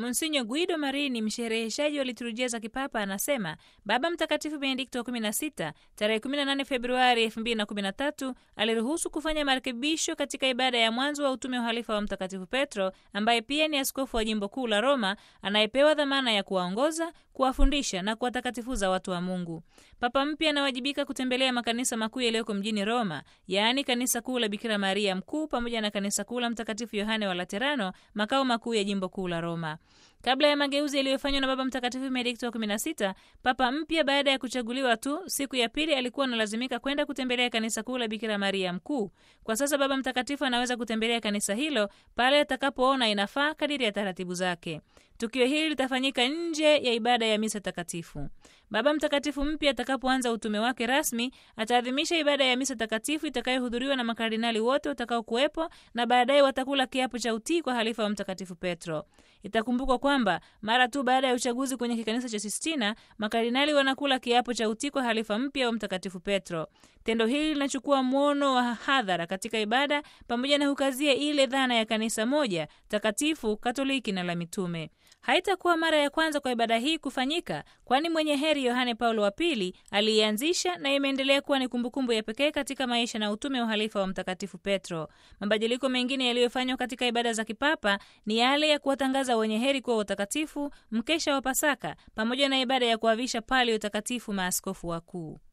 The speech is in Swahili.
Monsinyo Guido Marini, mshereheshaji wa liturujia za kipapa, anasema Baba Mtakatifu Benedikto wa 16 tarehe 18 Februari 2013 aliruhusu kufanya marekebisho katika ibada ya mwanzo wa utume wa halifa wa Mtakatifu Petro, ambaye pia ni askofu wa jimbo kuu la Roma anayepewa dhamana ya kuwaongoza, kuwafundisha na kuwatakatifuza watu wa Mungu. Papa mpya anawajibika kutembelea makanisa makuu yaliyoko mjini Roma, yaani kanisa kuu la Bikira Maria Mkuu pamoja na kanisa kuu la Mtakatifu Yohane wa Laterano, makao makuu ya jimbo kuu la Roma. Kabla ya mageuzi yaliyofanywa na Baba Mtakatifu Benedikto wa 16, papa mpya baada ya kuchaguliwa tu siku ya pili alikuwa analazimika kwenda kutembelea kanisa kuu la Bikira Maria Mkuu. Kwa sasa Baba Mtakatifu anaweza kutembelea kanisa hilo pale atakapoona inafaa kadiri ya taratibu zake. Tukio hili litafanyika nje ya ibada ya misa takatifu. Baba Mtakatifu mpya atakapoanza utume wake rasmi, ataadhimisha ibada ya misa takatifu itakayohudhuriwa na makardinali wote watakaokuwepo, na baadaye watakula kiapo cha utii kwa halifa wa Mtakatifu Petro. Itakumbukwa kwamba mara tu baada ya uchaguzi kwenye kikanisa cha Sistina, makardinali wanakula kiapo cha utii kwa halifa mpya wa Mtakatifu Petro. Tendo hili linachukua mwono wa hadhara katika ibada, pamoja na hukazia ile dhana ya kanisa moja takatifu, Katoliki na la mitume. Haitakuwa mara ya kwanza kwa ibada hii kufanyika, kwani mwenye heri Yohane Paulo wa Pili aliianzisha na imeendelea kuwa ni kumbukumbu ya pekee katika maisha na utume wa uhalifa wa Mtakatifu Petro. Mabadiliko mengine yaliyofanywa katika ibada za kipapa ni yale ya kuwatangaza wenye heri kuwa utakatifu mkesha wa Pasaka, pamoja na ibada ya kuavisha pale utakatifu maaskofu wakuu.